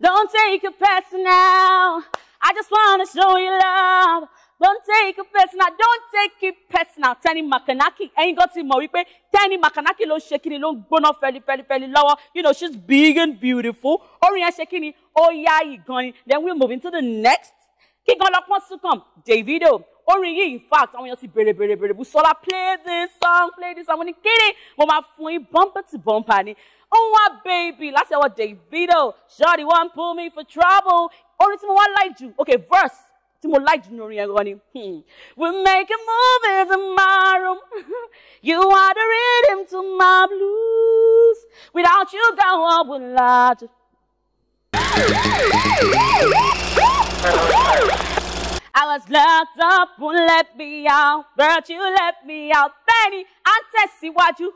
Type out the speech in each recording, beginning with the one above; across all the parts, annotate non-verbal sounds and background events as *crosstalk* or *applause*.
Don't take it personal. I just wanna show you love. Don't take it personal. Don't take it personal. Tani Makanaki. Ẹ̀yin gan ti mọ̀ wípé Tẹ́ni Makanaki ló ń ṣe kíni ló ń gbóná fẹlifẹlifẹli lọ́wọ́. You know she's big and beautiful. Orin yẹn ṣe kíni ó yáyì gan ni. Then we move into the next. Kí gan lọ́pọ̀ sùn kàn Davido orin yìí in fact àwọn èèyàn ti bèrè bèrè bèrè Bùsọ́lá play this song play this song mo ní kíni mo máa fún yín bumper to bumper ni my baby last láti ọwọ́ Davido shawty won't pull me for trouble Only tí mo wá láì okay verse tí like you, jù ní orin yẹn gan ni hmm. we make a movie tomorrow *laughs* you are the rhythm to my blues without you gan wọn would lodge was locked up, won't let me out, but you let me out. Bẹ́ẹ̀ ni, à What you?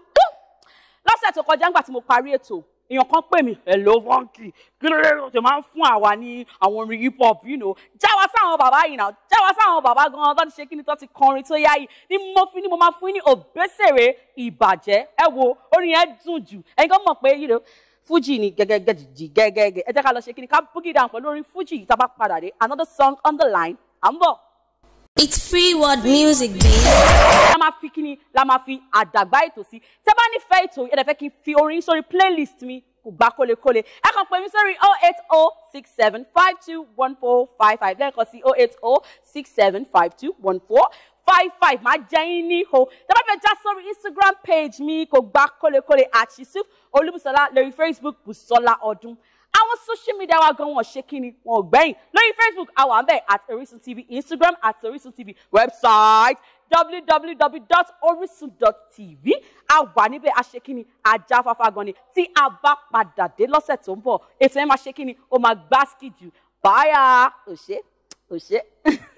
Lọ́sẹ̀ tó kọjá ńgbà tí mo parí ètò, èèyàn kan pè mí, hello funky, kí ló dé tó máa ń fún àwa ní àwọn orin hip hop, you know. Jáwá sáwọn bàbá yìí náà, jáwá sáwọn bàbá gan-an tó ti ṣe kí ni tó ti kọrin tó yá yìí. Ni mo fi ni mo máa fún ní Òbésèré Ìbàjẹ́, ẹ wo, orin yẹn dùn jù. Ẹ̀yin kan mọ̀ pé, you know, Fuji ni gẹ́gẹ́gẹ́jì gẹ́gẹ́gẹ́. Ẹ jẹ́ ká lọ ṣe kí ni ká boogie down pẹ̀lú orin Fuji yìí tá a bá padà dé. Another song on the line à ń bọ̀. it's free word music babe. la máa fi kíni la máa fi àdàgbà ètò sí tẹ́ bá nífẹ̀ẹ́ ètò yẹn lẹ́fẹ̀ẹ́ kí n fi orin sórí playlist mi kò gbá kólekóle ẹ kàn pè mí sórí oh eight oh six seven five two one four five five lẹ́ẹ̀kan sí oh eight oh six seven five two one four five five máa jẹ́ yín ní ho tẹ́ bá fẹ́ já sórí instagram page mi kò gbá kólekóle àṣìṣú olúbùsọ̀lá lórí facebook bùsọ̀lá ọdún àwọn social media wa gan wọn ṣe kíni wọn gbẹ̀yìn lórí facebook àwa ń bẹ̀ at orisun tv instagram at orisun tv website www.orisun.tv a wà níbẹ̀ a ṣe kíni ajáfáfá gan ni tí a bá padà dé lọ́sẹ̀ tó ń bọ̀ ètò yẹn máa ṣe kíni ó máa gbásíkì jù báyà òṣè òṣè. *laughs*